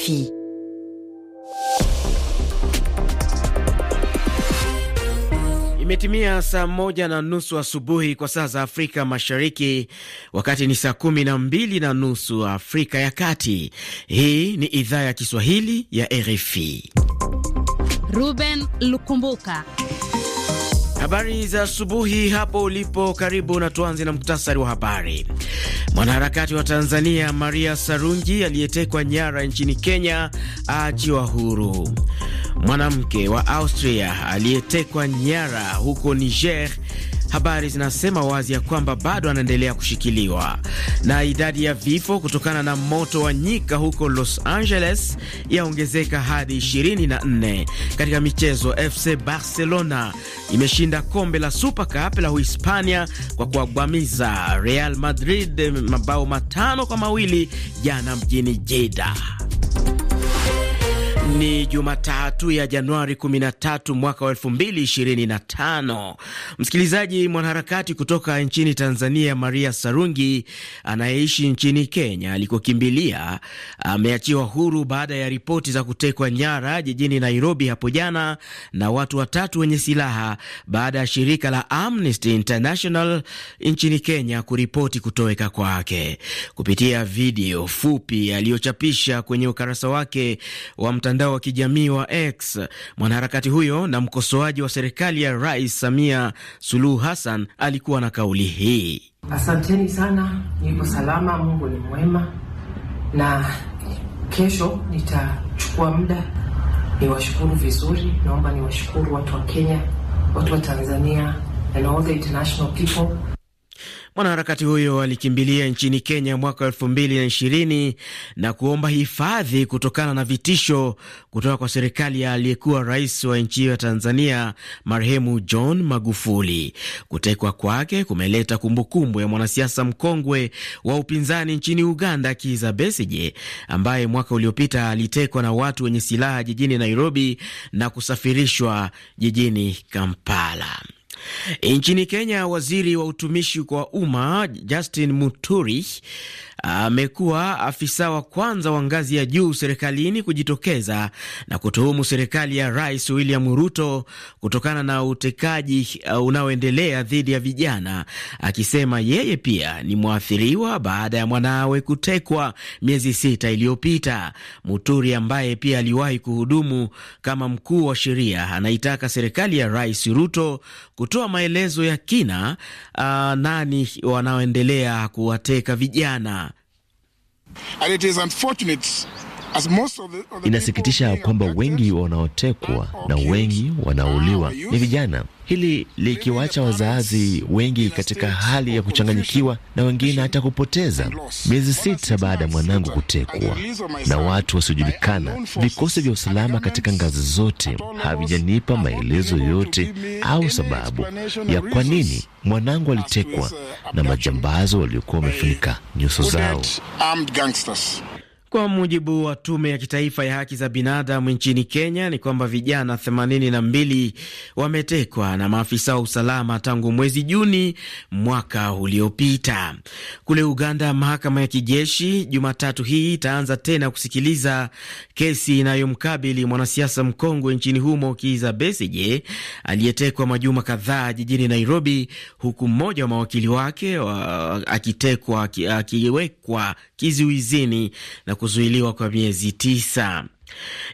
RFI. Imetimia saa moja na nusu asubuhi kwa saa za Afrika Mashariki, wakati ni saa kumi na mbili na nusu Afrika ya Kati. Hii ni idhaa ya Kiswahili ya RFI. Ruben Lukumbuka Habari za asubuhi hapo ulipo, karibu na tuanze na muktasari wa habari. Mwanaharakati wa Tanzania Maria Sarungi aliyetekwa nyara nchini Kenya aachiwa huru. Mwanamke wa Austria aliyetekwa nyara huko Niger habari zinasema wazi ya kwamba bado anaendelea kushikiliwa. Na idadi ya vifo kutokana na moto wa nyika huko Los Angeles yaongezeka hadi 24. Katika michezo, FC Barcelona imeshinda kombe la Super Cup la Uhispania kwa kuwagwamiza Real Madrid mabao matano kwa mawili jana mjini Jeddah. Ni Jumatatu ya Januari 13 mwaka wa 2025. Msikilizaji, mwanaharakati kutoka nchini Tanzania Maria Sarungi anayeishi nchini Kenya alikokimbilia ameachiwa huru baada ya ripoti za kutekwa nyara jijini Nairobi hapo jana na watu watatu wenye silaha baada ya shirika la Amnesty International nchini Kenya kuripoti kutoweka kwake kupitia video fupi aliyochapisha kwenye ukarasa wake wa mtandao mtandao wa kijamii wa X. Mwanaharakati huyo na mkosoaji wa serikali ya Rais Samia Suluhu Hassan alikuwa na kauli hii: asanteni sana, niko salama, Mungu ni mwema, na kesho nitachukua muda niwashukuru vizuri. Naomba niwashukuru watu wa Kenya, watu wa Tanzania and all the international people Mwanaharakati huyo alikimbilia nchini Kenya mwaka elfu mbili na ishirini na kuomba hifadhi kutokana na vitisho kutoka kwa serikali ya aliyekuwa rais wa nchi hiyo ya Tanzania marehemu John Magufuli. Kutekwa kwake kumeleta kumbukumbu ya mwanasiasa mkongwe wa upinzani nchini Uganda, Kizza Besigye, ambaye mwaka uliopita alitekwa na watu wenye silaha jijini Nairobi na kusafirishwa jijini Kampala. E, nchini Kenya, waziri wa utumishi kwa umma Justin Muturi amekuwa afisa wa kwanza wa ngazi ya juu serikalini kujitokeza na kutuhumu serikali ya Rais William Ruto kutokana na utekaji uh, unaoendelea dhidi ya vijana, akisema yeye pia ni mwathiriwa baada ya mwanawe kutekwa miezi sita iliyopita. Muturi ambaye pia aliwahi kuhudumu kama mkuu wa sheria anaitaka serikali ya Rais Ruto kutoa maelezo ya kina, uh, nani wanaoendelea kuwateka vijana. And it is unfortunate Inasikitisha kwamba wengi wanaotekwa na wengi wanaouliwa ni vijana, hili likiwaacha wazazi wengi katika hali ya kuchanganyikiwa na wengine hata kupoteza. Miezi sita baada ya mwanangu kutekwa na watu wasiojulikana, vikosi vya usalama katika ngazi zote havijanipa maelezo yote au sababu ya kwa nini mwanangu alitekwa uh, na majambazo waliokuwa wamefunika nyuso zao. Kwa mujibu wa tume ya kitaifa ya haki za binadamu nchini Kenya ni kwamba vijana 82 wametekwa na maafisa wa usalama tangu mwezi Juni mwaka uliopita. Kule Uganda, mahakama ya kijeshi Jumatatu hii itaanza tena kusikiliza kesi inayomkabili mwanasiasa mkongwe nchini humo Kizza Besigye aliyetekwa majuma kadhaa jijini Nairobi, huku mmoja wa mawakili wake wa, akitekwa akiwekwa kizuizini na kuzuiliwa kwa miezi tisa.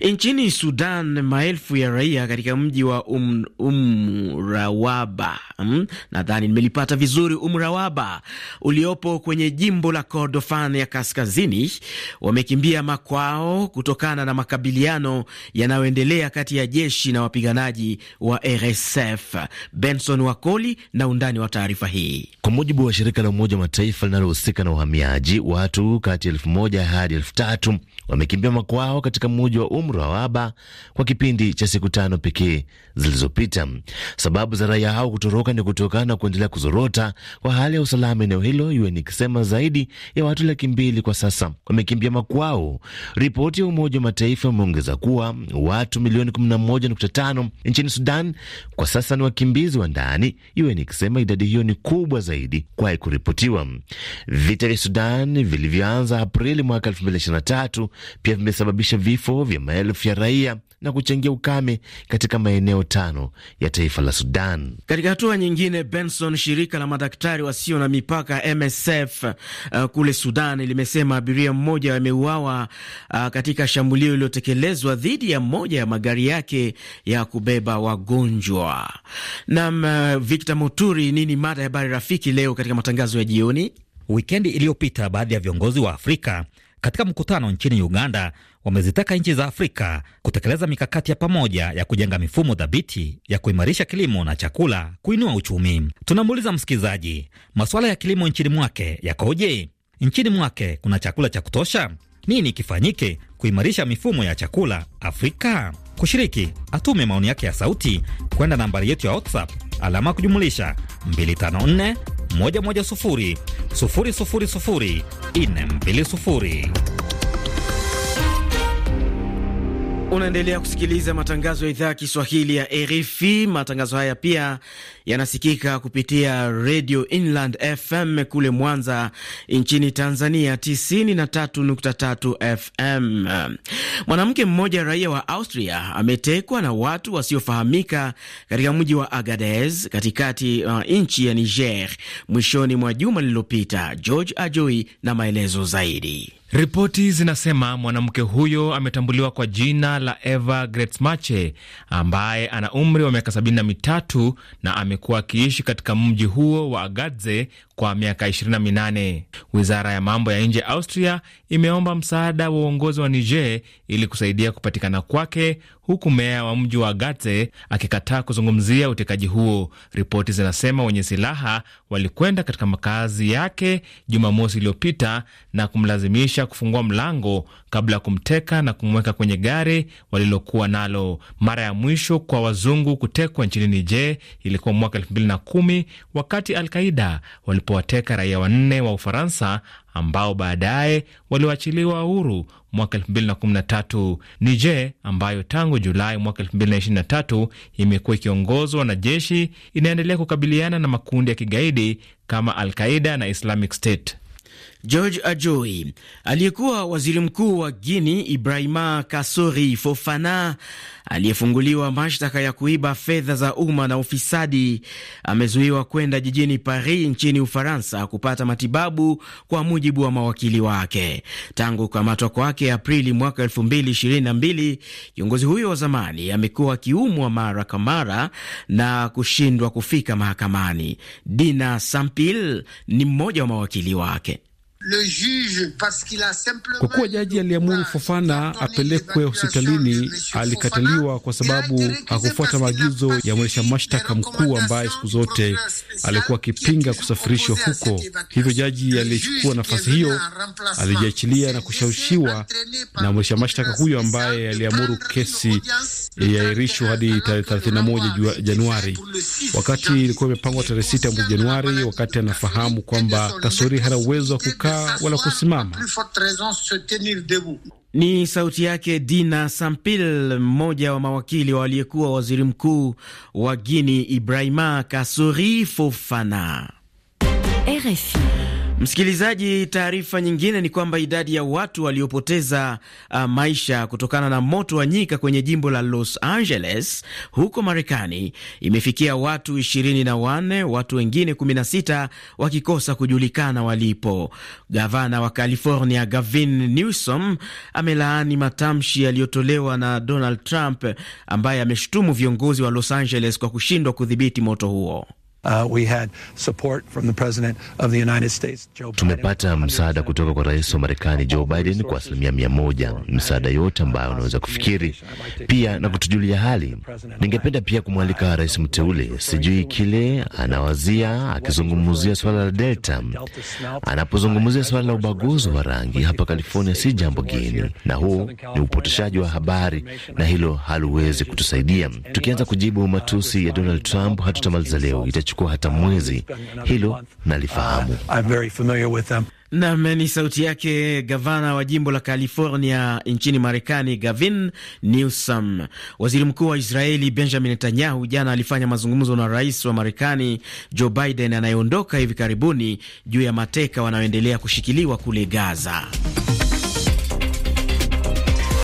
Nchini Sudan, maelfu ya raia katika mji wa um, Umrawaba hmm, nadhani nimelipata vizuri, Umrawaba uliopo kwenye jimbo la Kordofan ya kaskazini wamekimbia makwao kutokana na makabiliano yanayoendelea kati ya jeshi na wapiganaji wa RSF. Benson Wakoli na undani wa taarifa hii. Kwa mujibu wa shirika la Umoja wa Mataifa linalohusika na uhamiaji, watu kati ya elfu moja hadi elfu tatu wamekimbia makwao katika umoja wa umri wa waba kwa kipindi cha siku tano pekee zilizopita. Sababu za raia hao kutoroka ni kutokana na kuendelea kuzorota kwa hali ya usalama eneo hilo, UN ikisema zaidi ya watu laki mbili kwa sasa wamekimbia makwao. Ripoti ya Umoja wa Mataifa umeongeza kuwa watu milioni 11.5 nchini Sudan kwa sasa ni wakimbizi wa ndani, UN ikisema idadi hiyo ni kubwa zaidi kwahi kuripotiwa. Vita vya Sudan vilivyoanza Aprili mwaka 2023 pia vimesababisha vifo vya maelfu ya raia na kuchangia ukame katika maeneo tano ya taifa la Sudan. Katika hatua nyingine, Benson, shirika la madaktari wasio na mipaka MSF uh, kule Sudan limesema abiria mmoja ameuawa uh, katika shambulio iliyotekelezwa dhidi ya moja ya magari yake ya kubeba wagonjwa. Nam uh, Victor Moturi, nini mada ya habari rafiki leo katika matangazo ya jioni? Wikendi iliyopita baadhi ya viongozi wa Afrika katika mkutano nchini Uganda wamezitaka nchi za Afrika kutekeleza mikakati ya pamoja ya kujenga mifumo dhabiti ya kuimarisha kilimo na chakula, kuinua uchumi. Tunamuuliza msikilizaji, masuala ya kilimo nchini mwake yakoje? Nchini mwake kuna chakula cha kutosha? Nini kifanyike kuimarisha mifumo ya chakula Afrika? Kushiriki, atume maoni yake ya sauti kwenda nambari yetu ya WhatsApp alama kujumulisha 254 110 000 420. Unaendelea kusikiliza matangazo ya idhaa ya Kiswahili ya RFI. Matangazo haya pia yanasikika kupitia Radio Inland FM kule Mwanza nchini Tanzania, 93.3 FM. Mwanamke mmoja raia wa Austria ametekwa na watu wasiofahamika katika mji wa Agadez katikati ya uh, nchi ya Niger mwishoni mwa juma lililopita. George Ajoi na maelezo zaidi. Ripoti zinasema mwanamke huyo ametambuliwa kwa jina la Eva Gretsmache ambaye ana umri wa miaka sabini na mitatu na amekuwa akiishi katika mji huo wa Agadze kwa miaka 28. Wizara ya mambo ya nje Austria imeomba msaada wa uongozi wa Niger ili kusaidia kupatikana kwake huku meya wa mji wa Gate akikataa kuzungumzia utekaji huo. Ripoti zinasema wenye silaha walikwenda katika makazi yake Jumamosi iliyopita na kumlazimisha kufungua mlango kabla ya kumteka na kumweka kwenye gari walilokuwa nalo. Mara ya mwisho kwa wazungu kutekwa nchini Niger ilikuwa mwaka elfu mbili na kumi wakati Alqaida walipowateka raia wanne wa Ufaransa ambao baadaye walioachiliwa huru mwaka 2013. Niger ambayo tangu Julai mwaka 2023 imekuwa ikiongozwa na jeshi inaendelea kukabiliana na makundi ya kigaidi kama Al-Qaida na Islamic State. George Ajoi. Aliyekuwa waziri mkuu wa Guini Ibrahima Kasori Fofana, aliyefunguliwa mashtaka ya kuiba fedha za umma na ufisadi, amezuiwa kwenda jijini Paris nchini Ufaransa kupata matibabu, kwa mujibu wa mawakili wake. Tangu kukamatwa kwake Aprili mwaka 2022, kiongozi huyo wa zamani amekuwa akiumwa mara kwa mara na kushindwa kufika mahakamani. Dina Sampil ni mmoja wa mawakili wake. Kwa kuwa jaji aliamuru Fofana apelekwe hospitalini, alikataliwa kwa sababu hakufuata maagizo ya mwendesha mashtaka mkuu ambaye siku zote alikuwa akipinga kusafirishwa huko. Hivyo jaji aliyechukua nafasi hiyo alijiachilia na kushawishiwa na mwendesha mashtaka huyo ambaye aliamuru kesi iahirishwe hadi tarehe 31 Januari, wakati ilikuwa imepangwa tarehe 6 mwezi Januari, wakati anafahamu kwamba Kasori hana uwezo wa kukaa wala kusimama. Ni sauti yake Dina Sampil, mmoja wa mawakili wa aliyekuwa waziri mkuu wa Guini Ibrahima Kasuri Fofana, RFI. Msikilizaji, taarifa nyingine ni kwamba idadi ya watu waliopoteza uh, maisha kutokana na moto wa nyika kwenye jimbo la Los Angeles huko Marekani imefikia watu 2 na watu wengine 16 wakikosa kujulikana walipo. Gavana wa California Gavin Newsom amelaani matamshi yaliyotolewa na Donald Trump ambaye ameshutumu viongozi wa Los Angeles kwa kushindwa kudhibiti moto huo. Tumepata msaada kutoka kwa rais wa Marekani Joe Biden kwa asilimia mia moja, msaada yote ambayo unaweza kufikiri, pia na kutujulia hali. Ningependa pia kumwalika rais mteule, sijui kile anawazia akizungumzia swala la Delta. Anapozungumzia swala la ubaguzi wa rangi hapa California si jambo geni, na huu ni upotoshaji wa habari, na hilo haluwezi kutusaidia. Tukianza kujibu matusi ya Donald Trump hatutamaliza leo. Itachukua kuchukua hata mwezi. Hilo nalifahamu. Uh, Nam ni sauti yake gavana wa jimbo la California nchini Marekani, Gavin Newsom. Waziri mkuu wa Israeli Benjamin Netanyahu jana alifanya mazungumzo na rais wa Marekani Joe Biden anayeondoka hivi karibuni juu ya mateka wanaoendelea kushikiliwa kule Gaza.